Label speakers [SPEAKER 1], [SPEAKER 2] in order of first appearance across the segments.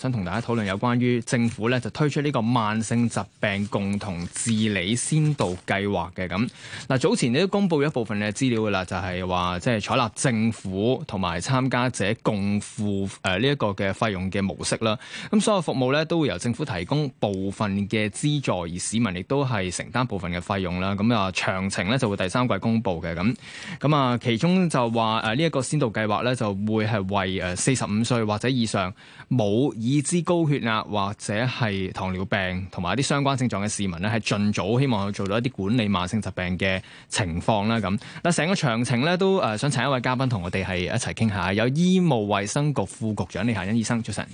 [SPEAKER 1] 想同大家討論有關於政府咧，就推出呢個慢性疾病共同治理先導計劃嘅。咁。嗱，早前你都公布咗一部分嘅資料噶啦，就係話即係採納政府同埋參加者共付誒呢一個嘅費用嘅模式啦。咁所有服務咧，都會由政府提供部分嘅資助，而市民亦都係承擔部分嘅費用啦。咁啊，詳情咧，就會第三季公布嘅。咁。咁啊，其中就話誒呢一個先導計劃咧，就會係為誒四十五歲或者以上冇已知高血壓或者係糖尿病同埋一啲相關症狀嘅市民咧，係盡早希望做到一啲管理慢性疾病嘅情況啦。咁嗱，成個詳情咧都誒，想請一位嘉賓同我哋係一齊傾下。有醫務衛生局副局長李夏茵醫生，早晨。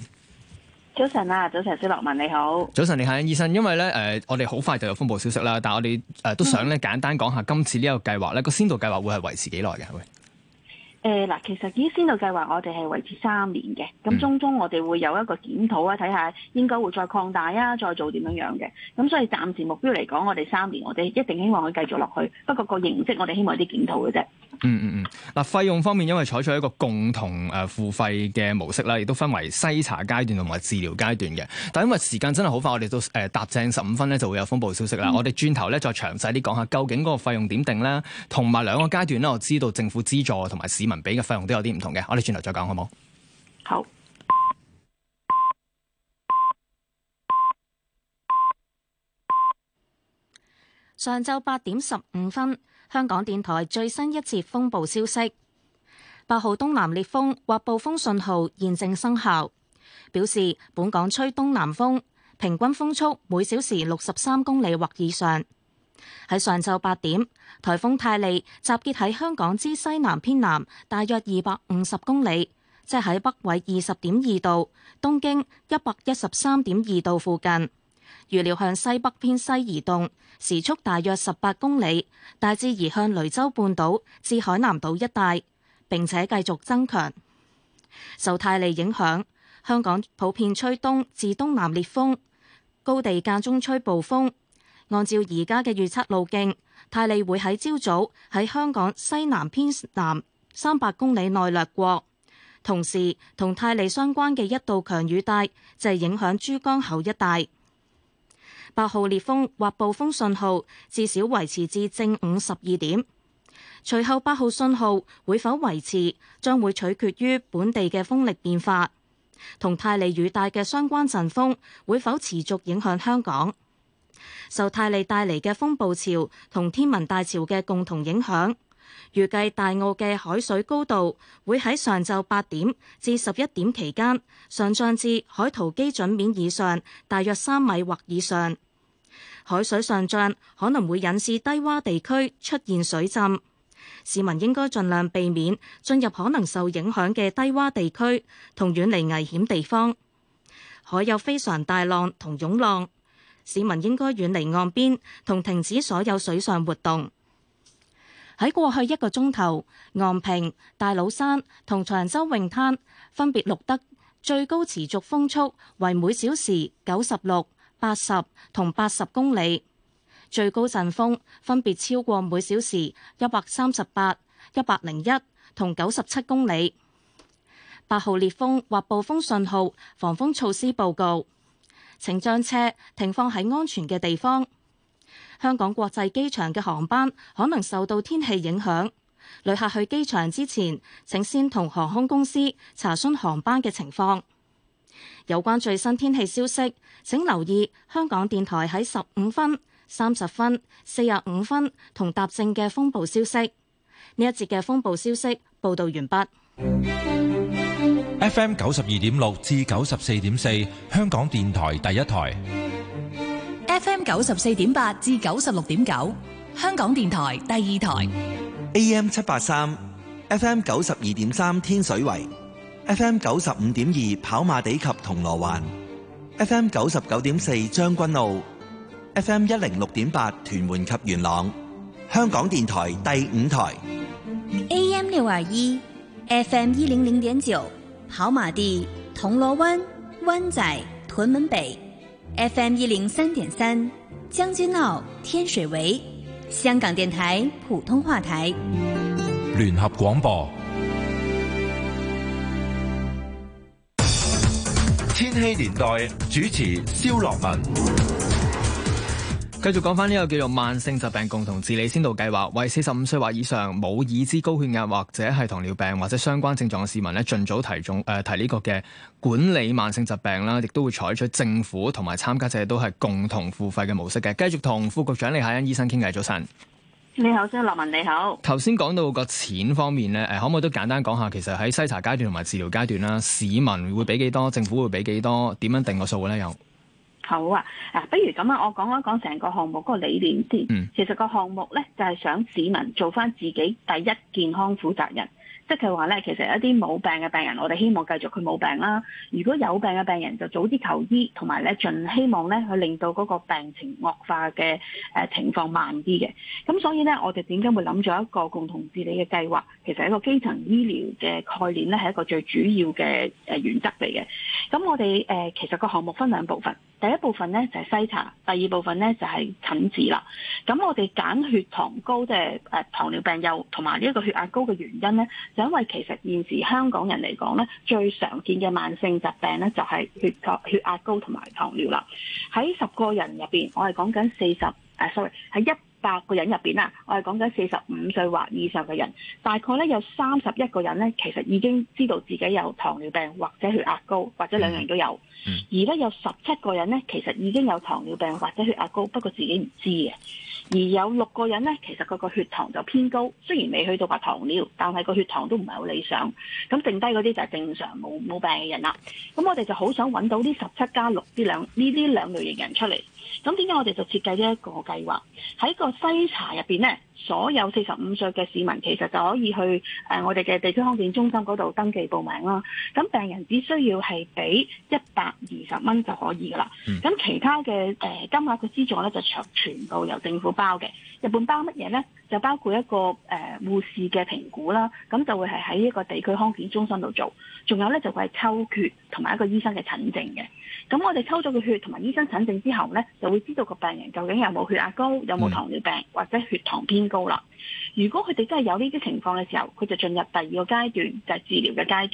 [SPEAKER 2] 早晨啊，早晨，小樂文你好。
[SPEAKER 1] 早晨，李夏茵醫生。因為咧誒，我哋好快就有風暴消息啦，但係我哋誒都想咧簡單講下今次呢個計劃咧，個先導計劃會係維持幾耐嘅，係咪？
[SPEAKER 2] 誒嗱，其實啲先導計劃我哋係維持三年嘅，咁中中我哋會有一個檢討啊，睇下應該會再擴大啊，再做點樣樣嘅，咁所以暫時目標嚟講，我哋三年我哋一定希望可以繼續落去，不過個形式我哋希望有啲檢討嘅啫。
[SPEAKER 1] 嗯嗯嗯，嗱，費用方面因為採取一個共同誒付費嘅模式啦，亦都分為篩查階段同埋治療階段嘅。但因為時間真係好快，我哋到誒踏、呃、正十五分呢就會有風暴消息啦。嗯，我哋轉頭咧再詳細啲講下，究竟嗰個費用點定啦。同埋兩個階段呢，我知道政府資助同埋市民俾嘅費用都有啲唔同嘅。我哋轉頭再講好唔好？好。
[SPEAKER 3] 上晝八點十五分。香港電台最新一節風暴消息，八號東南烈風或暴風信號現正生效，表示本港吹東南風，平均風速每小時六十三公里或以上。喺上晝八點，颱風泰利集結喺香港之西南偏南大約二百五十公里，即喺北緯二十點二度、東經一百一十三點二度附近。預料向西北偏西移動，時速大約十八公里，大致移向雷州半島至海南島一帶，並且繼續增強。受泰利影響，香港普遍吹東至東南烈風，高地間中吹暴風。按照而家嘅預測路徑，泰利會喺朝早喺香港西南偏南三百公里內掠過，同時同泰利相關嘅一道強雨帶就係影響珠江口一帶。八號烈風或暴風信號至少維持至正午十二點。隨後八號信號會否維持，將會取決於本地嘅風力變化同泰利雨帶嘅相關陣風會否持續影響香港。受泰利帶嚟嘅風暴潮同天文大潮嘅共同影響，預計大澳嘅海水高度會喺上晝八點至十一點期間上漲至海圖基準面以上，大約三米或以上。海水上漲可能會引致低洼地區出現水浸，市民應該盡量避免進入可能受影響嘅低洼地區，同遠離危險地方。海有非常大浪同湧浪，市民應該遠離岸邊同停止所有水上活動。喺過去一個鐘頭，昂坪、大老山同長洲泳灘分別錄得最高持續風速為每小時九十六、八十同八十公里，最高陣風分別超過每小時一百三十八、一百零一同九十七公里。八號烈風或暴風信號，防風措施報告，請將車停放喺安全嘅地方。香港國際機場嘅航班可能受到天氣影響，旅客去機場之前，請先同航空公司查詢航班嘅情況。有關最新天氣消息，請留意香港電台喺十五分、三十分、四十五分同踏正嘅風暴消息。呢一節嘅風暴消息報道完畢。
[SPEAKER 4] F M 九十二點六至九十四點四，香港電台第一台。
[SPEAKER 3] F M 九十四點八至九十六點九，香港電台第二台。
[SPEAKER 1] A M 七八三，F M 九十二點三，天水圍。FM 九十五點二跑馬地及銅鑼灣，FM 九十九點四將軍澳，FM 一零六點八屯門及元朗，香港電台第五台
[SPEAKER 3] ，AM 六二一，FM 一零零點九跑馬地、銅鑼灣、灣仔、屯門北，FM 一零三點三將軍澳、天水圍，香港電台普通話台，
[SPEAKER 4] 聯合廣播。
[SPEAKER 1] 千禧年代主持肖樂文，繼續講翻呢個叫做慢性疾病共同治理先導計劃，為四十五歲或以上冇已知高血壓或者係糖尿病或者相關症狀嘅市民咧，盡早提中誒、呃、提呢個嘅管理慢性疾病啦，亦都會採取政府同埋參加者都係共同付費嘅模式嘅。繼續同副局長李夏茵醫生傾偈，早晨。
[SPEAKER 2] 你好，先生，文你好。
[SPEAKER 1] 頭先講到個錢方面咧，誒，可唔可以都簡單講下？其實喺篩查階段同埋治療階段啦，市民會俾幾多，政府會俾幾多，點樣定個數咧？又
[SPEAKER 2] 好啊，嗱、啊，不如咁啊，我講一講成個項目嗰個理念先。嗯，其實個項目咧就係、是、想市民做翻自己第一健康負責人。即係話咧，其實一啲冇病嘅病人，我哋希望繼續佢冇病啦。如果有病嘅病人，就早啲求醫，同埋咧盡希望咧去令到嗰個病情惡化嘅誒、呃、情況慢啲嘅。咁所以咧，我哋點解會諗咗一個共同治理嘅計劃？其實一個基層醫療嘅概念咧，係一個最主要嘅誒原則嚟嘅。咁我哋誒、呃、其實個項目分兩部分，第一部分咧就係篩查，第二部分咧就係、是、診治啦。咁我哋揀血糖高即係誒糖尿病又同埋呢一個血壓高嘅原因咧。因為其實現時香港人嚟講咧，最常見嘅慢性疾病咧就係血壓、血壓高同埋糖尿啦。喺十個人入邊，我係講緊四十誒，sorry，喺一百個人入邊啦，我係講緊四十五歲或以上嘅人，大概咧有三十一個人咧，其實已經知道自己有糖尿病或者血壓高，或者兩樣都有。而咧有十七個人咧，其實已經有糖尿病或者血壓高，不過自己唔知嘅。而有六個人咧，其實佢個血糖就偏高，雖然未去到白糖尿，但係個血糖都唔係好理想。咁剩低嗰啲就係正常冇冇病嘅人啦。咁我哋就好想揾到呢十七加六呢兩呢啲兩類型人出嚟。咁點解我哋就設計呢一個計劃喺個篩查入邊咧？所有四十五歲嘅市民其實就可以去誒、呃、我哋嘅地區康健中心嗰度登記報名啦。咁病人只需要係俾一百二十蚊就可以噶啦。咁其他嘅誒金額嘅資助咧就全全部由政府包嘅。日本包乜嘢咧？就包括一個誒、呃、護士嘅評估啦。咁就會係喺一個地區康健中心度做。仲有咧就係抽血同埋一個醫生嘅診症嘅，咁我哋抽咗個血同埋醫生診症之後咧，就會知道個病人究竟有冇血壓高，有冇糖尿病或者血糖偏高啦。如果佢哋真係有呢啲情況嘅時候，佢就進入第二個階段就係治療嘅階段。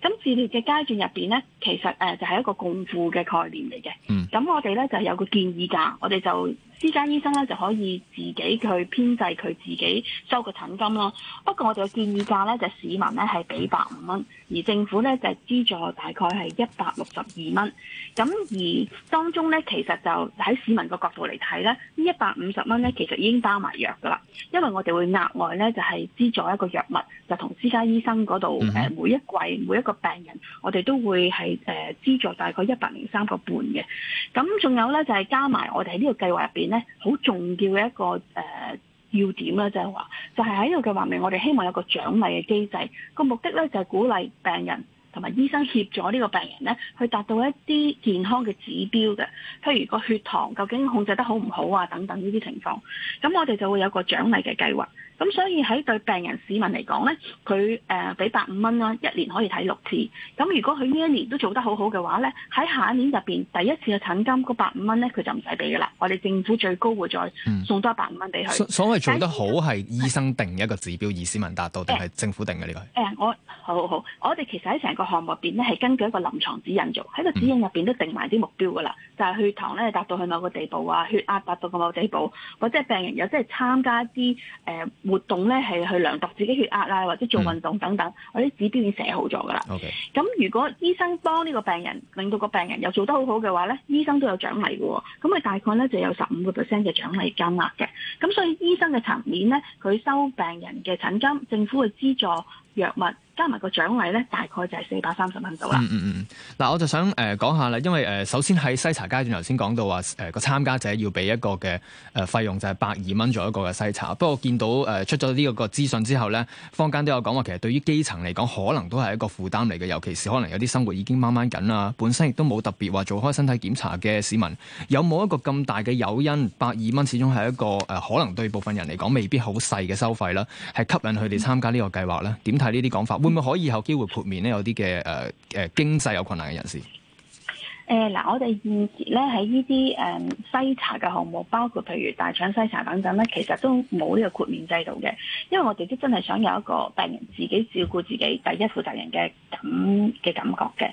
[SPEAKER 2] 咁、就是、治療嘅階段入邊咧，其實誒、呃、就係、是、一個共付嘅概念嚟嘅。嗯，咁我哋咧就有個建議噶，我哋就。私家醫生咧就可以自己去編制佢自己收嘅診金囉。不過我哋嘅建議價咧就市民咧係俾百五蚊，而政府咧就係資助大概係一百六十二蚊。咁而當中咧其實就喺市民個角度嚟睇咧，呢一百五十蚊咧其實已經包埋藥㗎啦。因為我哋會額外咧就係資助一個藥物，就同私家醫生嗰度誒每一季每一個病人，我哋都會係誒資助大概一百零三個半嘅。咁仲有咧就係加埋我哋喺呢個計劃入邊。咧好重要嘅一個誒、呃、要點啦，就係、是、話，就係喺呢個計劃入面，我哋希望有個獎勵嘅機制，個目的咧就係、是、鼓勵病人同埋醫生協助呢個病人咧去達到一啲健康嘅指標嘅，譬如個血糖究竟控制得好唔好啊等等呢啲情況，咁我哋就會有個獎勵嘅計劃。咁所以喺對病人市民嚟講咧，佢誒俾百五蚊啦，一年可以睇六次。咁如果佢呢一年都做得好好嘅話咧，喺下一年入邊第一次嘅診金嗰百五蚊咧，佢就唔使俾噶啦。我哋政府最高會再送多一百五蚊俾佢。所謂做得
[SPEAKER 1] 好係是醫生定嘅一個指標，而市民達到定係政府定嘅呢個？
[SPEAKER 2] 誒、哎哎，我好好好，我哋其實喺成個項目入邊咧係根據一個臨床指引做，喺個指引入邊都定埋啲目標噶啦，嗯、就係血糖咧達到佢某個地步啊，血壓達到個某個地步，或者係病人有即係參加一啲誒。呃活動咧係去量度自己血壓呀，或者做運動等等，嗯、我啲指標已經寫好咗噶啦。咁 Okay. 如果醫生幫呢個病人令到個病人又做得好好嘅話咧，醫生都有獎勵嘅。咁佢大概咧就有十五個 percent 嘅獎勵金嘅。咁所以醫生嘅層面咧，佢收病人嘅診金，政府嘅資助。藥物加埋個獎勵咧，大概就
[SPEAKER 1] 係四百三十蚊度啦。嗯嗯，嗱，我就想誒講、呃、下啦，因為誒、呃、首先喺篩查階段，頭先講到話，誒個參加者要俾一個嘅誒費用就係百二蚊做一個嘅篩查。不過見到誒、呃、出咗呢個個資訊之後咧，坊間都有講話，其實對於基層嚟講，可能都係一個負擔嚟嘅，尤其是可能有啲生活已經掹掹緊啊，本身亦都冇特別話、啊、做開身體檢查嘅市民，有冇一個咁大嘅誘因？百二蚊始終係一個誒、呃、可能對部分人嚟講未必好細嘅收費啦，係吸引佢哋參加個計劃呢個計劃咧？點睇？呢啲講法，會唔會可以有機會豁免呢？有啲嘅誒誒經濟有困難嘅人士？
[SPEAKER 2] 誒嗱、呃，我哋現時咧喺呢啲誒、呃、篩查嘅項目，包括譬如大腸篩查等等咧，其實都冇呢個豁免制度嘅，因為我哋都真係想有一個病人自己照顧自己第一負責人嘅感嘅感覺嘅。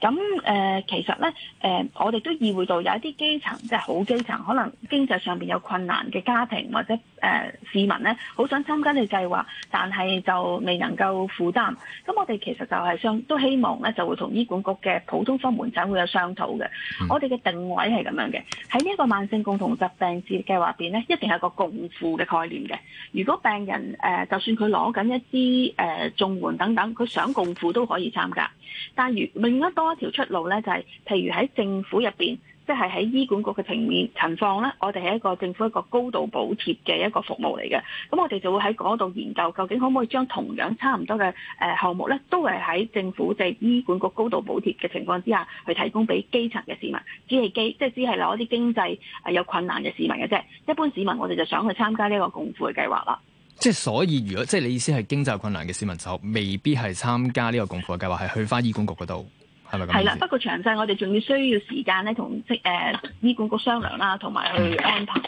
[SPEAKER 2] 咁、嗯、誒、呃，其實咧誒、呃，我哋都意會到有一啲基層，即係好基層，可能經濟上邊有困難嘅家庭或者，誒、呃、市民咧好想參加嘅計劃，但係就未能夠負擔。咁我哋其實就係相都希望咧，就會同醫管局嘅普通科門診會有商討嘅。嗯、我哋嘅定位係咁樣嘅，喺呢一個慢性共同疾病治療計劃入邊咧，一定係個共付嘅概念嘅。如果病人誒、呃，就算佢攞緊一啲誒綜援等等，佢想共付都可以參加。但係如另一多一條出路咧，就係、是、譬如喺政府入邊。即係喺醫管局嘅情面情況咧，我哋係一個政府一個高度補貼嘅一個服務嚟嘅。咁我哋就會喺嗰度研究，究竟可唔可以將同樣差唔多嘅誒項目咧，都係喺政府即係醫管局高度補貼嘅情況之下，去提供俾基層嘅市民。只係基，即係只係攞啲經濟有困難嘅市民嘅啫。一般市民，我哋就想去參加呢個共付嘅計劃啦。
[SPEAKER 1] 即係所以，如果即係你意思係經濟有困難嘅市民，就未必係參加呢個共付嘅計劃，係去返醫管局嗰度。係啦，不
[SPEAKER 2] 過詳細我哋仲要需要時間咧，同即誒醫管局商量啦，同埋去安排。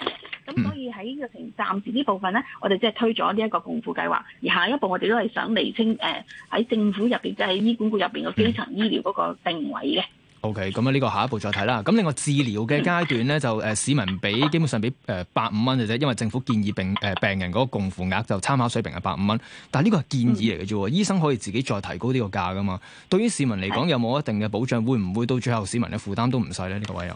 [SPEAKER 2] 咁所 以喺呢個情暫時部呢部分咧，我哋即係推咗呢一個共付計劃。而下一步我哋都係想釐清誒喺、呃、政府入邊即係醫管局入邊嘅基層醫療嗰個定位嘅。
[SPEAKER 1] O K，咁啊呢個下一步再睇啦。咁另外治療嘅階段咧，就誒、呃、市民俾基本上俾誒百五蚊嘅啫，因為政府建議病誒、呃、病人嗰個共付額就參考水平係百五蚊，但係呢個係建議嚟嘅啫，醫生可以自己再提高呢個價噶嘛。對於市民嚟講，有冇一定嘅保障？會唔會到最後市民嘅負擔都唔細咧？呢、這個位有。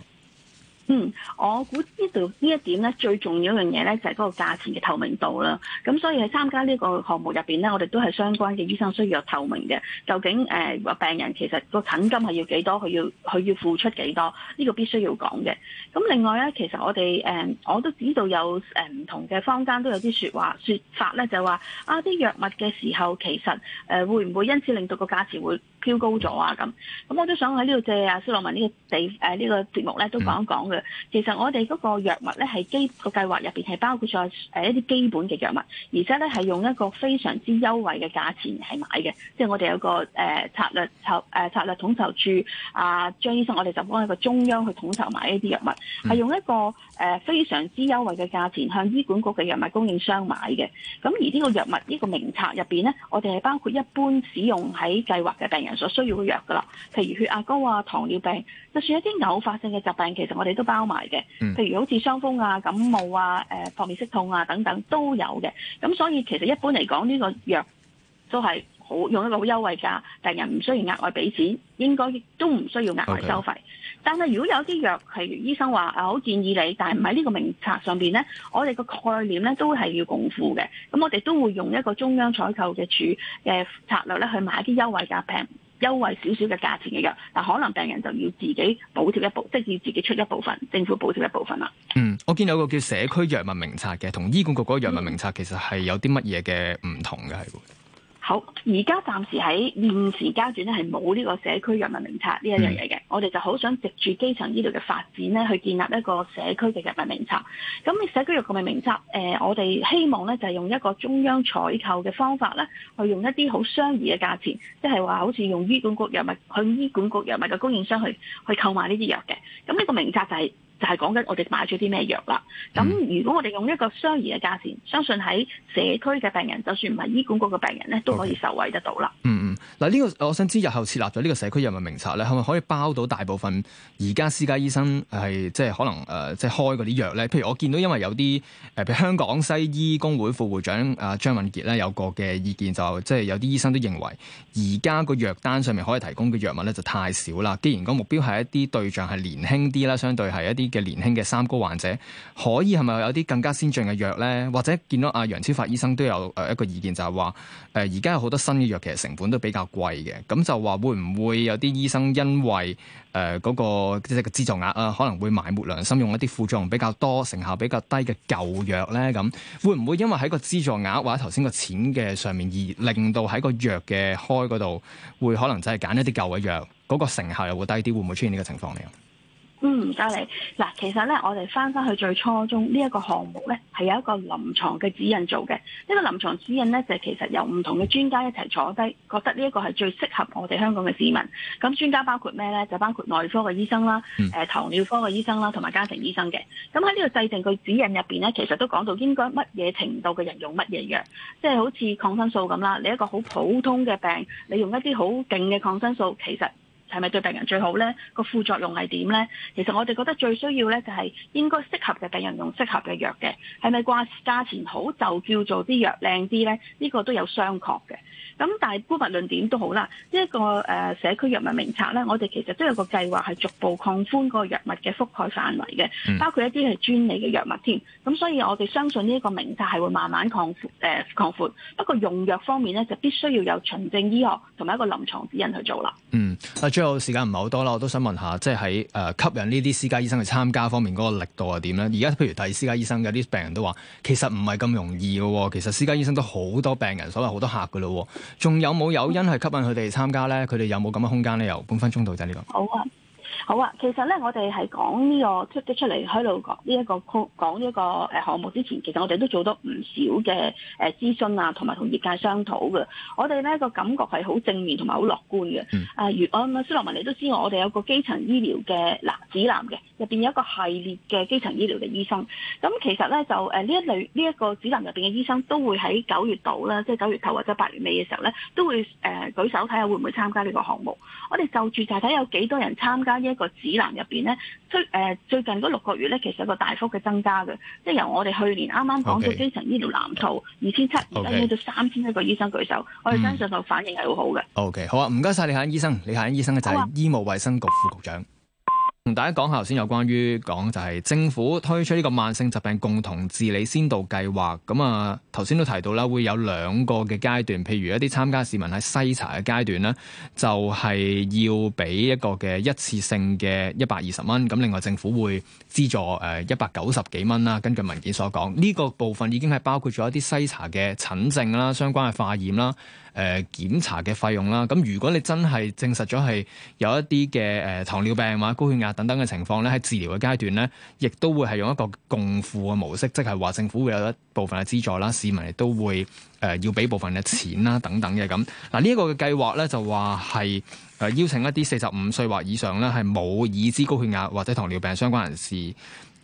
[SPEAKER 2] 嗯，我估呢度呢一點咧，最重要一樣嘢咧就係、是、嗰個價錢嘅透明度啦。咁所以喺參加呢個項目入邊咧，我哋都係相關嘅醫生需要透明嘅。究竟誒話、呃、病人其實個診金係要幾多，佢要佢要付出幾多？呢、這個必須要講嘅。咁另外咧，其實我哋誒、呃、我都知道有誒唔同嘅坊間都有啲説話説法咧，就話啊啲藥物嘅時候其實誒、呃、會唔會因此令到個價錢會飆高咗啊咁？咁我都想喺呢度借阿施羅文呢個地誒呢、啊這個節目咧都講一講。其實我哋嗰個藥物咧係基個計劃入邊係包括咗誒一啲基本嘅藥物，而且咧係用一個非常之優惠嘅價錢係買嘅，即係我哋有個誒、呃、策略籌誒、呃、策略統籌處啊張醫生，我哋就幫一個中央去統籌埋呢啲藥物，係用一個誒、呃、非常之優惠嘅價錢向醫管局嘅藥物供應商買嘅。咁而呢個藥物呢、呢個名冊入邊咧，我哋係包括一般使用喺計劃嘅病人所需要嘅藥噶啦，譬如血壓高啊，糖尿病。就算一啲偶發性嘅疾病，其實我哋都包埋嘅，譬如好似傷風啊、感冒啊、誒、呃、頑面息痛啊等等都有嘅。咁所以其實一般嚟講，呢、這個藥都係好用一個好優惠價，病人唔需要額外俾錢，應該亦都唔需要額外收費。Okay. 但係如果有啲藥譬如醫生話啊，好建議你，但係唔喺呢個名冊上邊咧，我哋個概念咧都係要共付嘅。咁我哋都會用一個中央採購嘅主誒策略咧去買一啲優惠價平。優惠少少嘅價錢嚟嘅，但可能病人就要自己補貼一部，即係要自己出一部分，政府補貼一部分啦。嗯，
[SPEAKER 1] 我見有個叫社區藥物名冊嘅，同醫管局嗰個藥物名冊其實係有啲乜嘢嘅唔同嘅？係會。
[SPEAKER 2] 好，而家暫時喺現時階段咧，係冇呢個社區藥物名冊呢一樣嘢嘅。嗯、我哋就好想藉住基層醫療嘅發展咧，去建立一個社區嘅藥物名冊。咁社區藥物名冊，誒、呃，我哋希望咧就係、是、用一個中央採購嘅方法咧，去用一啲好相宜嘅價錢，即係話好似用醫管局藥物去醫管局藥物嘅供應商去去購買呢啲藥嘅。咁呢、這個名冊就係、是。就係講緊我哋買咗啲咩藥啦。咁如果我哋用一個相宜嘅價錢，相信喺社區嘅病人，就算唔係醫管局嘅病人咧，都可以受惠得到啦、
[SPEAKER 1] okay. 嗯。嗯嗯，嗱呢、這個我想知日後設立咗呢個社區藥物名冊咧，係咪可以包到大部分而家私家醫生係即係可能誒、呃、即係開嗰啲藥咧？譬如我見到因為有啲誒，譬、呃、如香港西醫工會副會長啊、呃、張敏傑咧有個嘅意見，就即係有啲醫生都認為，而家個藥單上面可以提供嘅藥物咧就太少啦。既然個目標係一啲對象係年輕啲啦，相對係一啲嘅年輕嘅三高患者可以係咪有啲更加先進嘅藥咧？或者見到阿、啊、楊超發醫生都有誒一個意見，就係話誒而家有好多新嘅藥，其實成本都比較貴嘅。咁就話會唔會有啲醫生因為誒嗰、呃那個即係個資助額啊，可能會埋沒良心，用一啲副作用比較多、成效比較低嘅舊藥咧？咁會唔會因為喺個資助額或者頭先個錢嘅上面，而令到喺個藥嘅開嗰度，會可能真係揀一啲舊嘅藥，嗰、那個成效又會低啲？會唔會出現呢個情況嚟？
[SPEAKER 2] 嗯，唔該你嗱，其實咧，我哋翻翻去最初中呢一、這個項目咧，係有一個臨床嘅指引做嘅。呢、這個臨床指引咧，就其實由唔同嘅專家一齊坐低，覺得呢一個係最適合我哋香港嘅市民。咁專家包括咩咧？就包括內科嘅醫生啦，誒、嗯、糖尿病科嘅醫生啦，同埋家庭醫生嘅。咁喺呢個制定佢指引入邊咧，其實都講到應該乜嘢程度嘅人用乜嘢藥，即係好似抗生素咁啦。你一個好普通嘅病，你用一啲好勁嘅抗生素，其實。係咪對病人最好咧？個副作用係點咧？其實我哋覺得最需要咧，就係應該適合嘅病人用適合嘅藥嘅。係咪掛價錢好就叫做啲藥靚啲咧？呢個都有商榷嘅。咁但係無論點都好啦。呢一個誒社區藥物名冊咧，我哋其實都有個計劃係逐步擴寬個藥物嘅覆蓋範圍嘅，包括一啲係專利嘅藥物添。咁所以我哋相信呢一個名冊係會慢慢擴闊誒擴闊。不過用藥方面咧，就必須要有循證醫學同埋一個臨床指引去做啦。
[SPEAKER 1] 嗯，啊個時間唔係好多啦，我都想問下，即係喺誒吸引呢啲私家醫生去參加方面嗰個力度係點咧？而家譬如睇私家醫生有啲病人都話，其實唔係咁容易嘅，其實私家醫生都好多病人，所謂好多客噶啦，仲有冇誘因係吸引佢哋參加咧？佢哋有冇咁嘅空間咧？由半分鐘到就呢個。好啊。
[SPEAKER 2] 好啊，其實咧，我哋係講呢個出啲出嚟喺度講呢一個講呢一個誒項、這個呃、目之前，其實我哋都做咗唔少嘅誒諮詢啊，同埋同業界商討嘅。我哋咧、這個感覺係好正面同埋好樂觀嘅。啊、嗯，如啊、呃，斯羅文你都知我哋有個基層醫療嘅嗱指南嘅，入邊有一個系列嘅基層醫療嘅醫生。咁、嗯、其實咧就誒呢一類呢一個指南入邊嘅醫生都會喺九月度啦，即係九月頭或者八月尾嘅時候咧，都會誒、呃、舉手睇下會唔會參加呢個項目。我哋就住睇睇有幾多人參加呢一個指南入邊咧，最誒最近嗰六個月咧，其實有個大幅嘅增加嘅，即係由我哋去年啱啱講到基層醫療藍圖二千七，而家去到三千一個醫生舉手，我哋相信個反應係
[SPEAKER 1] 好好嘅。O、okay, K，好啊，唔該晒李夏茵醫生，李夏茵醫生嘅就係醫務衛生局副局長。同大家講下頭先有關於講就係、是、政府推出呢個慢性疾病共同治理先導計劃，咁啊頭先都提到啦，會有兩個嘅階段，譬如一啲參加市民喺篩查嘅階段咧，就係、是、要俾一個嘅一次性嘅一百二十蚊，咁另外政府會資助誒一百九十幾蚊啦，根據文件所講，呢、這個部分已經係包括咗一啲篩查嘅診症啦，相關嘅化驗啦。誒、呃、檢查嘅費用啦，咁如果你真係證實咗係有一啲嘅誒糖尿病或者、高血壓等等嘅情況咧，喺治療嘅階段咧，亦都會係用一個共付嘅模式，即係話政府會有一部分嘅資助啦，市民亦都會誒、呃、要俾部分嘅錢啦，等等嘅咁嗱。呢一、這個嘅計劃咧就話係誒邀請一啲四十五歲或以上咧係冇已知高血壓或者糖尿病相關人士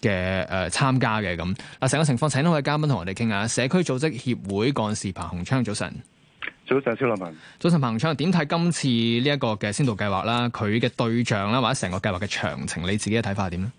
[SPEAKER 1] 嘅誒、呃、參加嘅咁嗱。成個情況請到位嘉賓同我哋傾下，社區組織協會幹事彭鴻昌早晨。
[SPEAKER 5] 早上，蕭立文。
[SPEAKER 1] 早晨，彭鴻昌。點睇今次呢一個嘅先導計劃啦？佢嘅對象啦，或者成個計劃嘅詳情，你自己嘅睇法係點咧？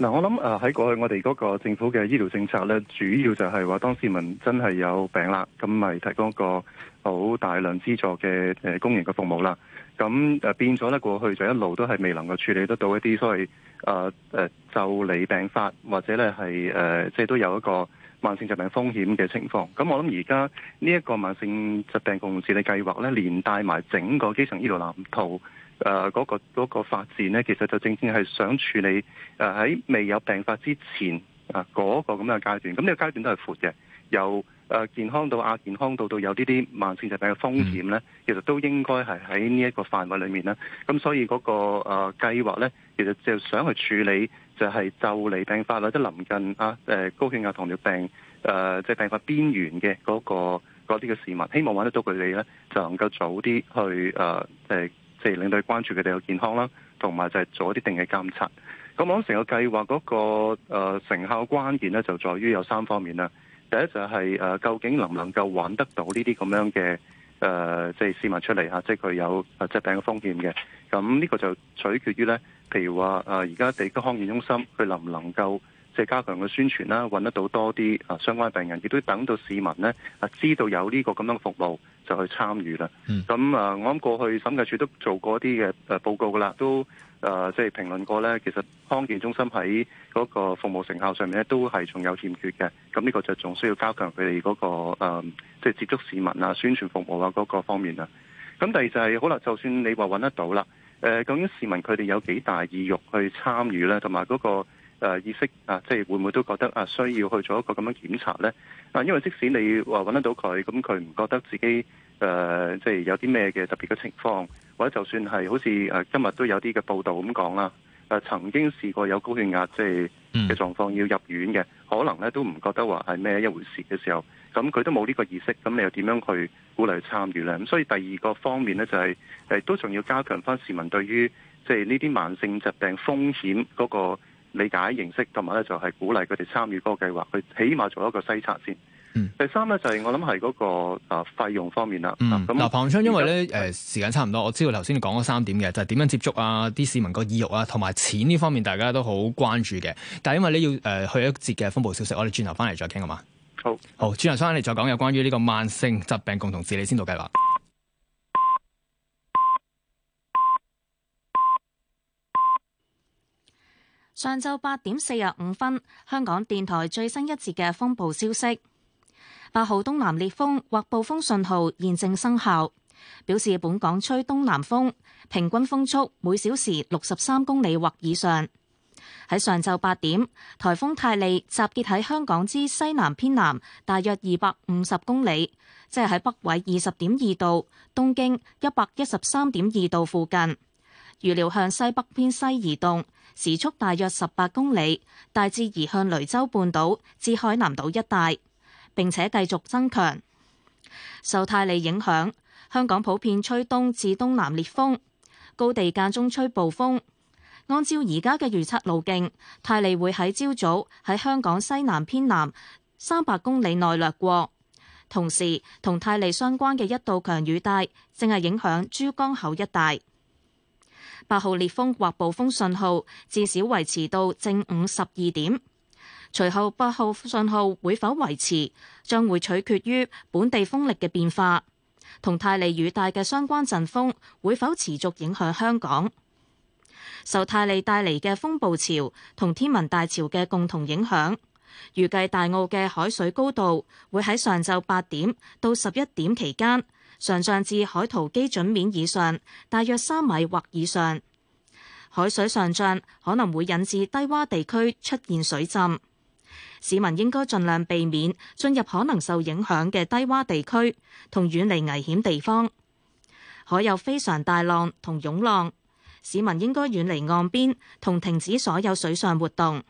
[SPEAKER 5] 嗱、呃，我諗誒喺過去我哋嗰個政府嘅醫療政策咧，主要就係話當市民真係有病啦，咁咪提供一個好大量資助嘅誒、呃、公營嘅服務啦。咁誒、呃、變咗咧過去就一路都係未能夠處理得到一啲所謂誒誒就理病發或者咧係誒即係都有一個。慢性疾病風險嘅情況，咁我諗而家呢一個慢性疾病共治嘅計劃咧，連帶埋整個基層醫療藍圖，誒嗰個嗰個發展咧，其實就正正係想處理誒喺未有病發之前啊嗰個咁嘅階段，咁呢個階段都係闊嘅，有。誒、啊、健康到亞、啊、健康到到有呢啲慢性疾病嘅風險咧，其實都應該係喺呢一個範圍裏面啦。咁所以嗰、那個、呃、計劃咧，其實就想去處理就係就嚟病發或者臨近啊誒、呃、高血壓、啊、糖尿病誒即係病發邊緣嘅嗰、那個嗰啲嘅市民，希望揾得到佢哋咧，就能夠早啲去誒誒即係令到佢關注佢哋嘅健康啦，同、啊、埋就係、是、做一啲定期監測。咁我成個計劃嗰、那個誒、呃呃、成效關鍵咧，就在於有三個三個方面啦。第一就係、是、誒、啊，究竟能唔能夠揾得到呢啲咁樣嘅誒、呃，即係市民出嚟嚇、啊，即係佢有疾、啊、病嘅風險嘅。咁呢個就取決於咧，譬如話誒，而家地區康健中心佢能唔能夠即係加強嘅宣傳啦，揾得到多啲啊相關病人，亦都等到市民咧啊知道有呢個咁樣嘅服務就去參與啦。咁、嗯、啊，我諗過去審計處都做過一啲嘅誒報告噶啦，都。誒，即係評論過呢，其實康健中心喺嗰個服務成效上面呢，都係仲有欠缺嘅。咁呢個就仲需要加強佢哋嗰個即係、呃即係、接觸市民啊、宣傳服務啊嗰、嗰個方面啊。咁第二就係、係，好啦，就算你話揾得到啦，誒、呃，究竟市民佢哋有幾大意欲去參與呢？同埋嗰個、呃、意識啊，即、即、係、係、會唔會都覺得啊，需要去做一個咁樣檢查呢？啊，因為即使你話揾得到佢，咁佢唔覺得自己。誒、呃，即係有啲咩嘅特別嘅情況，或者就算係好似誒今日都有啲嘅報道咁講啦，誒、呃、曾經試過有高血壓，即係嘅狀況要入院嘅，可能咧都唔覺得話係咩一回事嘅時候，咁佢都冇呢個意識，咁你又點樣去鼓勵佢參與咧？咁所以第二個方面咧就係、是、誒，都仲要加強翻市民對於即係呢啲慢性疾病風險嗰、那個。理解、形式，同埋咧，就係鼓勵佢哋參與嗰個計劃。佢起碼做一個篩測先。嗯、第三咧就係、是、我諗係嗰個啊費用方面啦。嗱，彭鴻昌因為咧
[SPEAKER 1] 誒、呃、時間差唔多，我知道你頭先講咗三點嘅，就係、是、點樣接觸啊、啲市民個意欲啊，同埋錢呢方面大家都好關注嘅。但係因為你要誒、呃、去一節嘅風暴消息，我哋轉頭翻嚟再傾啊嘛。好，好轉頭翻嚟再講有關於呢個慢性疾病共同治理先導計劃。
[SPEAKER 3] 上晝八點四十五分，香港電台最新一節嘅風暴消息，八號東南烈風或暴風信號現正生效，表示本港吹東南風，平均風速每小時六十三公里或以上。喺上晝八點，颱風泰利集結喺香港之西南偏南，大約二百五十公里，即係喺北緯二十點二度、東經一百一十三點二度附近，預料向西北偏西移動。時速大約十八公里，大致移向雷州半島至海南島一帶，並且繼續增強。受泰利影響，香港普遍吹東至東南烈風，高地間中吹暴風。按照而家嘅預測路徑，泰利會喺朝早喺香港西南偏南三百公里內掠過，同時同泰利相關嘅一道強雨帶正係影響珠江口一帶。八號烈風或暴風信號至少維持到正午十二點。隨後八號信號會否維持，將會取決於本地風力嘅變化，同泰利雨帶嘅相關陣風會否持續影響香港。受泰利帶嚟嘅風暴潮同天文大潮嘅共同影響，預計大澳嘅海水高度會喺上晝八點到十一點期間。上漲至海圖基準面以上，大約三米或以上。海水上漲可能會引致低洼地區出現水浸，市民應該盡量避免進入可能受影響嘅低洼地區，同遠離危險地方。海有非常大浪同湧浪，市民應該遠離岸邊同停止所有水上活動。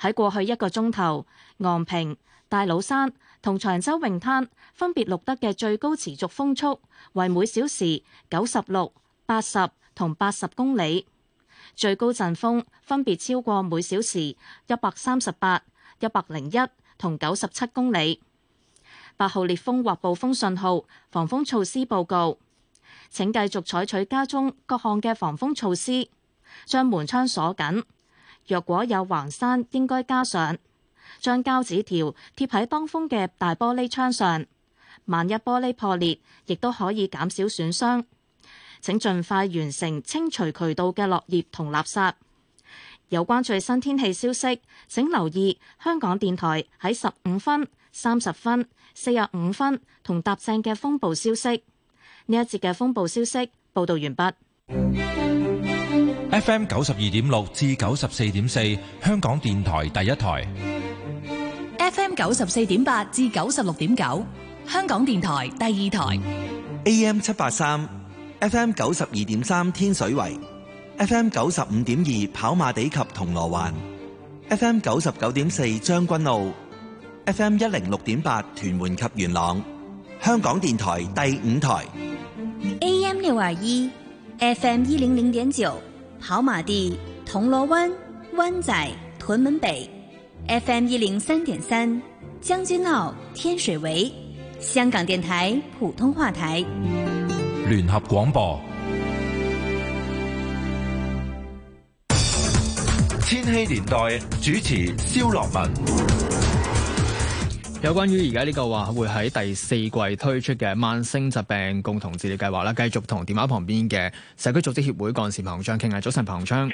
[SPEAKER 3] 喺過去一個鐘頭，昂坪、大老山。同長洲泳灘分別錄得嘅最高持續風速為每小時九十六、八十同八十公里，最高陣風分別超過每小時一百三十八、一百零一同九十七公里。八號烈風或暴風信號，防風措施報告。請繼續採取家中各項嘅防風措施，將門窗鎖緊。若果有橫山，應該加上。將膠紙條貼喺當風嘅大玻璃窗上，萬一玻璃破裂，亦都可以減少損傷。請盡快完成清除渠道嘅落葉同垃圾。有關最新天氣消息，請留意香港電台喺十五分、三十分、四十五分同踏正嘅風暴消息。呢一節嘅風暴消息報道完畢。
[SPEAKER 4] F.M. 九十二點六至九十四點四，香港電台第一台。
[SPEAKER 3] FM 九十四點八至九十六點九，香港電台第二台
[SPEAKER 1] ；AM 七八三，FM 九十二點三天水圍；FM 九十五點二跑馬地及銅鑼灣；FM 九十九點四將軍澳
[SPEAKER 4] ；FM 一零六點八屯門及元朗，香港電台第五
[SPEAKER 1] 台
[SPEAKER 3] ；AM 六二一，FM 一零零點九跑馬地、銅鑼灣、灣仔、屯門北。FM 一零三點三，將軍澳天水圍，香港電台普通話台，
[SPEAKER 4] 聯合廣播，
[SPEAKER 1] 千禧年代主持蕭樂文。有關於而家呢個話會喺第四季推出嘅慢性疾病共同治理計劃啦，繼續同電話旁邊嘅社區組織協會幹事彭鴻昌傾下。早晨，彭鴻昌。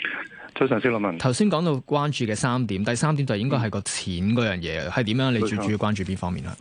[SPEAKER 1] 早上薛律師，頭先講到關注嘅三點，第三點就係應該係個錢嗰樣嘢係點樣？你最主要關注邊方面，就
[SPEAKER 5] 是、啊？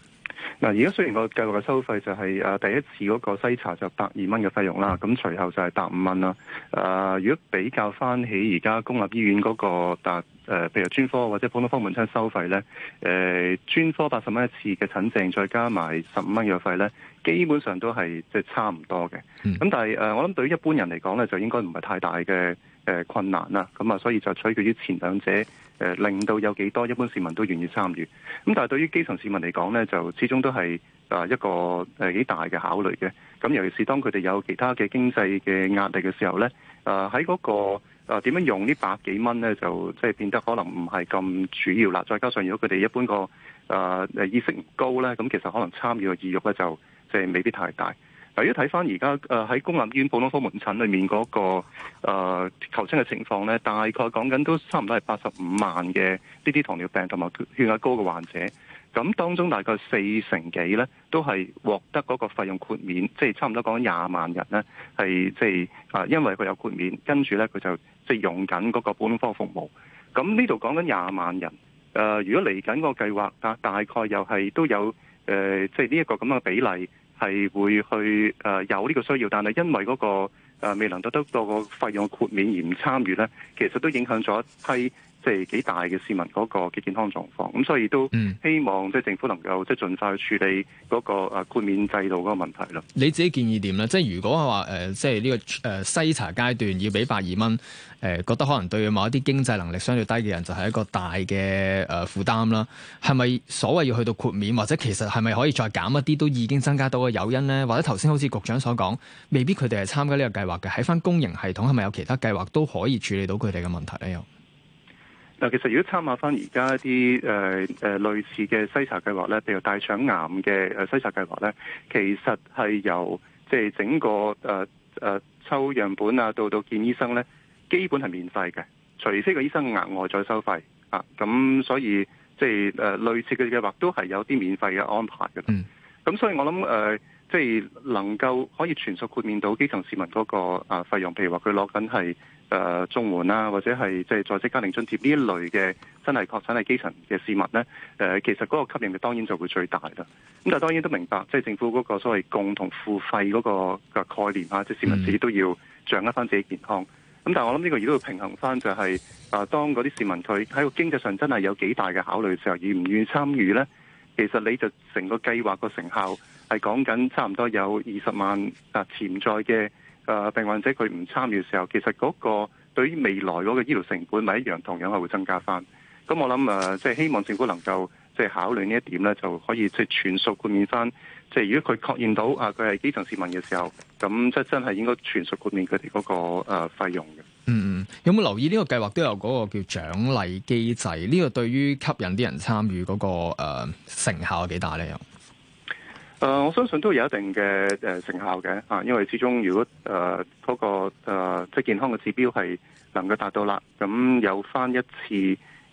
[SPEAKER 5] 嗱，而家雖然個計劃嘅收費就係誒第一次嗰個篩查就百二蚊嘅費用啦，咁隨、嗯、後就係百五蚊啦。誒、啊，如果比較翻起而家公立醫院嗰個達。誒，譬、呃、如專科或者普通方門診收費呢，誒、呃、專科八十蚊一次嘅診症，再加埋十五蚊藥費呢，基本上都係即係差唔多嘅。咁但係誒、呃，我諗對於一般人嚟講呢，就應該唔係太大嘅誒、呃、困難啦。咁啊，所以就取決於前兩者，誒、呃、令到有幾多一般市民都願意參與。咁但係對於基層市民嚟講呢，就始終都係啊一個誒幾、呃、大嘅考慮嘅。咁、呃、尤其是當佢哋有其他嘅經濟嘅壓力嘅時候呢，啊喺嗰個。誒點樣用呢百幾蚊咧？就即係變得可能唔係咁主要啦。再加上如果佢哋一般個誒、呃、意識唔高咧，咁其實可能參與嘅意欲咧就即係未必太大。嗱，如果睇翻而家誒喺公立醫院普通科門診裏面嗰個求診嘅情況咧，大概講緊都差唔多係八十五萬嘅呢啲糖尿病同埋血壓高嘅患者。咁當中大概四成幾咧，都係獲得嗰個費用豁免，即係差唔多講緊廿萬人咧，係即係啊，因為佢有豁免，跟住咧佢就即係用緊嗰個普通科服務。咁呢度講緊廿萬人，誒、呃，如果嚟緊個計劃，但大概又係都有誒，即係呢一個咁嘅比例係會去誒、呃、有呢個需要，但係因為嗰、嗰個、呃、未能得到個費用豁免而唔參與咧，其實都影響咗一批。即係幾大嘅市民嗰個嘅健康狀況，咁所以都希望即係政府能夠即係盡快去處理嗰個誒豁免制度嗰個問題咯、嗯。
[SPEAKER 1] 你自己建議點咧？即係如果係話誒，即係呢、個誒篩查階段要俾百二蚊，誒、呃、覺得可能對某一啲經濟能力相對低嘅人就係一個大嘅誒負擔啦。係、呃、咪所謂要去到豁免，或者其實係咪可以再減一啲，都已經增加到個誘因咧？或者頭先好似局長所講，未必佢哋係參加呢個計劃嘅。喺翻公營系統係咪有其他計劃都可以處理到佢哋嘅問題咧？又？
[SPEAKER 5] 嗱，其實如果參考翻而家啲誒誒類似嘅篩查計劃咧，譬如大腸癌嘅誒篩查計劃咧，其實係由即係整個誒誒抽樣本啊，到到見醫生咧，基本係免費嘅，除非個醫生額外再收費啊。咁所以即係誒類似嘅計劃都係有啲免費嘅安排嘅。嗯，咁所以我諗誒。呃即係能夠可以全數豁免到基層市民嗰個啊費用，譬如話佢攞緊係誒綜援啦，或者係即係在職家庭津貼呢一類嘅，真係確診係基層嘅市民咧。誒，其實嗰個吸引力當然就會最大啦。咁但係當然都明白，即係政府嗰個所謂共同付費嗰個嘅概念啊，即係市民自己都要掌握翻自己健康。咁但係我諗呢個如果要平衡翻，就係啊，當嗰啲市民佢喺個經濟上真係有幾大嘅考慮嘅時候，願唔願意參與咧？其實你就成個計劃個成效。係講緊差唔多有二十萬啊潛在嘅誒病患者，佢唔參與嘅時候，其實嗰個對於未來嗰個醫療成本咪一樣，同樣係會增加翻。咁我諗誒，即、呃、係希望政府能夠即係考慮呢一點咧，就可以即係全數豁免翻。即係如果佢確認到啊，佢係基層市民嘅時候，咁即係真係應該全數豁免佢哋嗰個誒費用嘅。嗯嗯，
[SPEAKER 1] 有冇留意呢個計劃都有嗰個叫獎勵機制？呢、這個對於吸引啲人參與嗰、那個誒、呃、成效有幾大咧？
[SPEAKER 5] 誒，我相信都有一定嘅誒成效嘅嚇，因為始終如果誒、呃嗰個、呃、即係健康嘅指標係能夠達到啦，咁有翻一次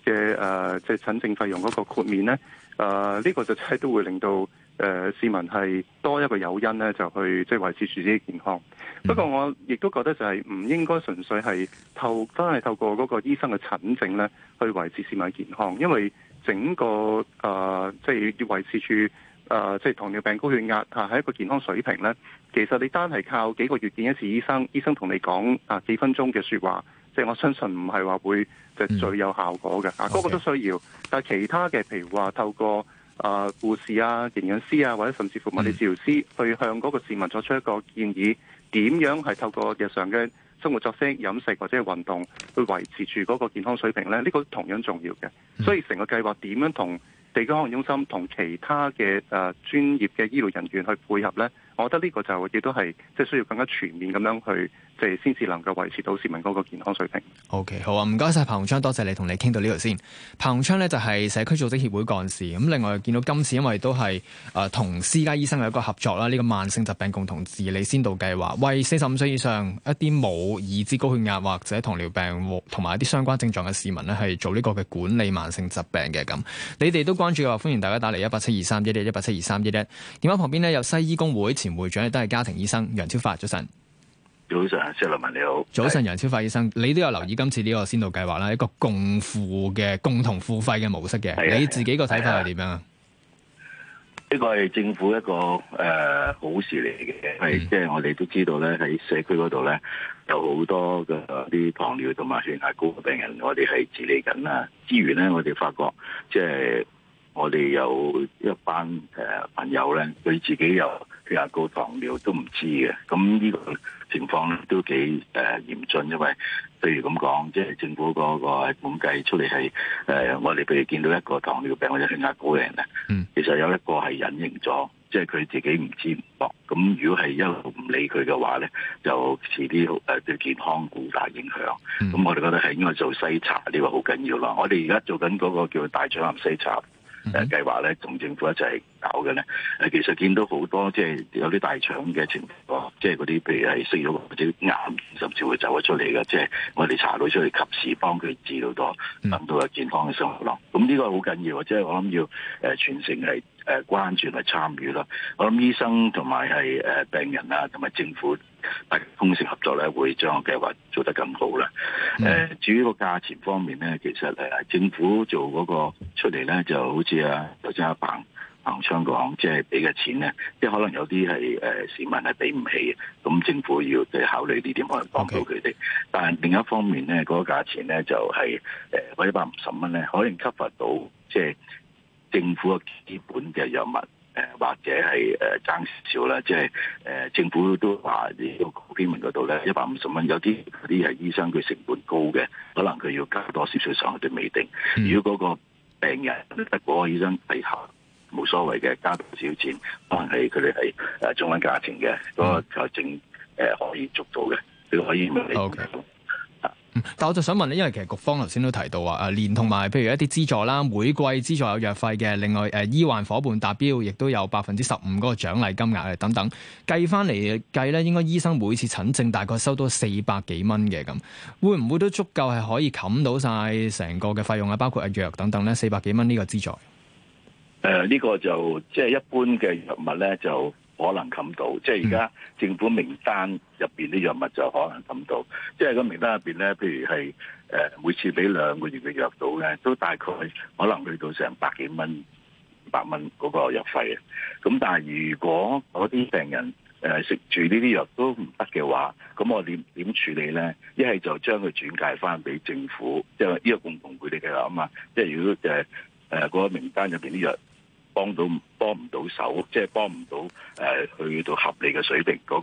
[SPEAKER 5] 嘅誒、呃、即係診症費用嗰個豁免咧，誒、呃、呢個就真係都會令到誒、呃、市民係多一個誘因咧，就去即係維持住自己健康。不過我亦都覺得就係唔應該純粹係透真係透過嗰個醫生嘅診症咧去維持市民嘅健康，因為整個誒、呃、即係要維持住。誒，即係糖尿病、高血壓，啊，喺一個健康水平咧，其實你單係靠幾個月見一次醫生，醫生同你講啊幾分鐘嘅説話，即係我相信唔係話會即係最有效果嘅。啊、嗯，嗰個都需要，Okay. 但係其他嘅，譬如話透過啊護士啊營養師啊，或者甚至乎物理治療師，去向嗰個市民作出一個建議，點樣係透過日常嘅生活作息、飲食或者係運動，去維持住嗰個健康水平咧？呢個同樣重要嘅。所以成個計劃點樣同地區康健中心同其他嘅誒、啊、專業嘅醫療人員去配合咧。我覺得呢個就亦都係即係需要更加全面咁樣去，即係先至能夠維持到市民嗰個健康水平。
[SPEAKER 1] O、okay, K，好啊，唔該晒。彭鴻昌，多謝你同你傾到呢度先。彭鴻昌呢，就係、是、社區組織協會幹事。咁另外見到今次因為都係誒同私家醫生有一個合作啦，呢、這個慢性疾病共同治理先導計劃，為四十五歲以上一啲冇已知高血壓或者糖尿病同埋一啲相關症狀嘅市民呢，係做呢個嘅管理慢性疾病嘅咁。你哋都關注嘅話，歡迎大家打嚟一八七二三一一一八七二三一一。電話旁邊呢，有西醫工會會長都係家庭醫生楊超發早晨，
[SPEAKER 4] 早晨石立文你
[SPEAKER 1] 好，早晨上楊是超發醫生，你都有留意今次呢個先導計劃啦，一個共付嘅，共同付費嘅模式嘅，的你自己個睇法係點樣
[SPEAKER 4] 啊？呢、這個係政府一個誒、呃、好事嚟嘅，即係 我哋都知道咧喺社區嗰度咧有好多嘅啲糖尿同埋血壓高嘅病人，我哋係治理緊啦。之餘咧，我哋發覺即係、就是、我哋有一班誒朋友咧，佢自己又。血壓高糖尿都唔知嘅，咁、嗯、呢個情況咧都幾誒嚴峻，因為譬如咁講，即係、就是、政府嗰、那個系統計出嚟係誒，我哋譬如見到一個糖尿病或者血壓高嘅人咧，其實有一個係隱形咗，即係佢自己唔知唔覺。咁如果係一路唔理佢嘅話咧，就遲啲誒對健康好大影響。咁、嗯嗯、我哋覺得係應該做篩查呢個好緊要咯。我哋而家做緊嗰個叫大腸癌篩查誒計劃咧，同、嗯嗯嗯、政府一齊。搞嘅咧，誒其實見到好多即係有啲大腸嘅情況，即係嗰啲譬如係息肉或者癌，甚至會走咗出嚟嘅，即係我哋查到出去，及時幫佢治療到，等到有健康嘅生活咯。咁呢個好緊要，即係我諗要誒全城係誒關注、係參與啦。我諗醫生同埋係誒病人啊，同埋政府大家通力合作咧，會將個計劃做得更好啦。誒，至於個價錢方面咧，其實誒政府做嗰個出嚟咧，就好似啊頭先阿彭。啊啊啊啊啊行商即係俾嘅錢咧，即係可能有啲係誒市民係俾唔起嘅，咁政府要即係考慮呢啲點樣幫助佢哋。但係另一方面咧，嗰、那個價錢咧就係、是、誒，呃就是呃、一百五十蚊咧，可能 cover 到即係政府嘅基本嘅藥物誒，或者係誒爭少少啦，即係誒政府都話呢個篇文嗰度咧一百五十蚊，有啲嗰啲係醫生佢成本高嘅，可能佢要加多少少上去都未定。嗯、如果嗰個病人得嗰、那個醫生睇下。冇所謂嘅加少錢，但係佢哋係誒中等價錢嘅嗰、嗯、個就正、呃、可
[SPEAKER 1] 以捉到嘅，佢可以 Okay.、嗯、但我就想問咧，因為其實局方頭先都提到話誒連同埋譬如一啲資助啦，每季資助有藥費嘅，另外誒、啊、醫患伙伴達標，亦都有百分之十五嗰個獎勵金額嘅等等。計翻嚟計咧，應該醫生每次診症大概收到四百幾蚊嘅，咁，會唔會都足夠係可以冚到晒成個嘅費用啊？包括阿藥等等咧，四百幾蚊呢個資助。
[SPEAKER 4] 誒，呢、呃這個就即係、就是、一般嘅藥物咧，就可能冚到。即係而家政府名單入邊啲藥物就可能冚到。即係個名單入邊咧，譬如係誒、呃、每次俾兩個月嘅藥到咧，都大概可能去到成百幾蚊、百蚊嗰個藥費。咁但係如果我啲病人誒、呃、食住呢啲藥都唔得嘅話，咁我點點處理咧？一係就將佢轉介翻俾政府，即係呢個共同佢哋嘅啦嘛。即係如果誒誒嗰個名單入邊啲藥，幫到幫唔到手，即係幫唔到誒去到合理嘅水平嗰、嗰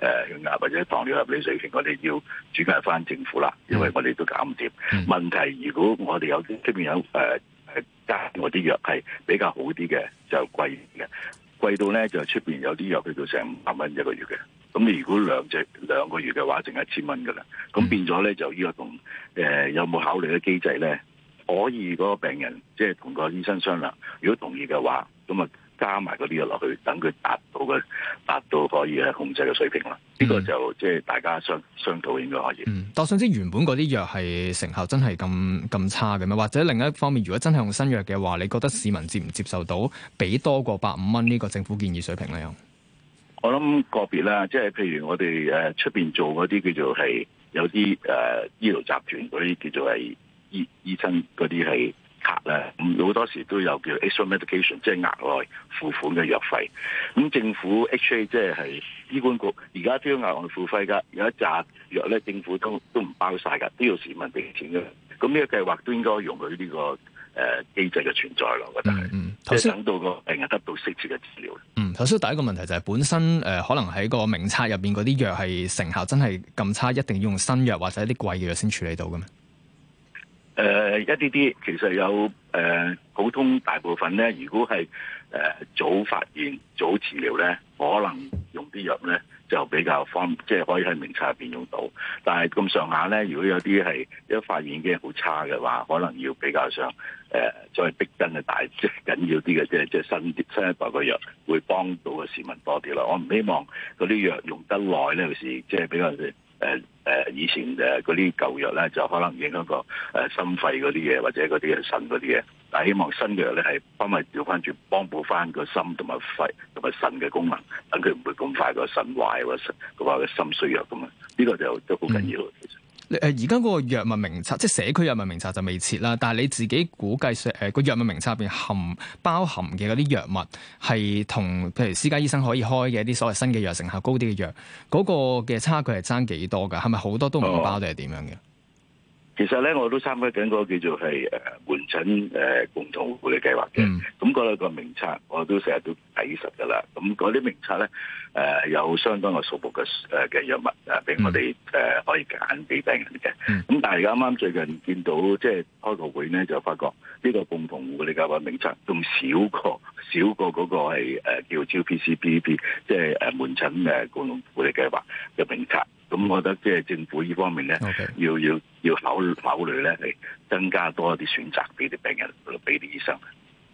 [SPEAKER 4] 個誒血壓或者糖尿合理水平，我哋要轉介翻政府啦，因為我哋都搞唔掂。嗯、問題如果我哋有啲，出邊有誒誒、呃、加我啲藥係比較好啲嘅，就貴嘅，貴到咧就出邊有啲藥去到成五百蚊一個月嘅。咁如果兩隻兩個月嘅話，剩一千蚊噶啦。咁變咗咧就、呃、有有呢個同誒有冇考慮嘅機制咧？可以，嗰個病人即係同個醫生商量，如果同意嘅話，咁啊加埋嗰啲藥落去，等佢達到嘅達到可以咧控制嘅水平啦。呢、嗯、個就即係大家商商討應該可以。嗯，
[SPEAKER 1] 但係想知原本嗰啲藥係成效真係咁咁差嘅咩？或者另一方面，如果真係用新藥嘅話，你覺得市民接唔接受到，俾多過百五蚊呢個政府建議水平咧？
[SPEAKER 4] 我諗個別啦，即係譬如我哋誒出面做嗰啲叫做係有啲誒、呃、醫療集團嗰啲叫做係。醫醫生嗰啲係卡咧，咁好多時都有叫 extra medication，即係額外付款嘅藥費。咁政府 HA 即係醫管局，而家都要額外付費噶。有一紮藥咧，政府都都唔包晒噶，都要市民俾錢噶。咁呢個計劃都應該容許呢、這個誒機、呃、制嘅存在咯。我覺得，嗯，頭先等到個病人得到適切嘅治療。
[SPEAKER 1] 嗯，頭先第一個問題就係本身誒、呃，可能喺個名冊入邊嗰啲藥係成效真係咁差，一定要用新藥或者啲貴嘅藥先處理到嘅咩？
[SPEAKER 4] 誒、呃，一啲啲，其實有誒、呃，普通大部分咧，如果係誒、呃、早發現、早治療咧，可能用啲藥咧就比較方便，即係可以喺名冊入邊用到。但係咁上下咧，如果有啲係一發現已經好差嘅話，可能要比較上誒、呃、再逼真嘅大，即係緊要啲嘅，即係即係新啲新一代嘅藥會幫到個市民多啲咯。我唔希望嗰啲藥用得耐咧，有時即係比較。誒誒以前誒嗰啲舊藥咧，就可能影響個誒心肺嗰啲嘢，或者嗰啲嘅腎嗰啲嘢。但係希望新藥咧係幫佢調翻轉，幫補翻個心同埋肺同埋腎嘅功能，等佢唔會咁快個腎壞或，同埋個心衰弱咁樣。呢、這個就都好緊要。其實。
[SPEAKER 1] 誒而家嗰個藥物名冊，即係社區藥物名冊就未設啦。但係你自己估計上，誒、呃、個藥物名冊入邊含包含嘅嗰啲藥物，係同譬如私家醫生可以開嘅一啲所謂新嘅藥，成效高啲嘅藥，嗰、那個嘅差距係爭幾多㗎？係咪好多都唔包定係點樣嘅？
[SPEAKER 4] 其實咧，我都參加緊嗰個叫做係誒門診誒共同護理計劃嘅，咁嗰兩個名冊我都成日都睇實噶啦。咁嗰啲名冊咧，誒有相當嘅數目嘅誒嘅藥物誒俾我哋誒可以揀俾病人嘅。咁、嗯嗯、但係啱啱最近見到即係、就是、開個會咧，就發覺呢個共同護理計劃名冊仲少個少過嗰個係叫招 P C P P，即係誒門診嘅共同護理計劃嘅名冊。咁，我覺得即係政府依方面咧 Okay.，要要要考慮考慮咧，係增加多一啲選擇俾啲病人，俾啲醫生。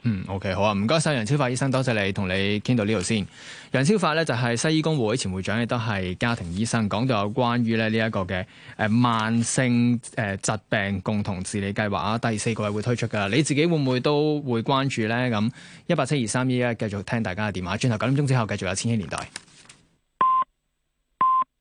[SPEAKER 1] 嗯，OK，好啊，唔該晒。楊超發醫生，多謝你同你傾到呢度先。楊超發咧就係、是、西醫工會前會長，亦都係家庭醫生。講到有關於咧呢一個嘅誒慢性誒疾病共同治理計劃啊，第四個月會推出噶喇，你自己會唔會都會關注咧？咁一八七二三依家繼續聽大家嘅電話，轉頭九點鐘之後繼續有千禧年代。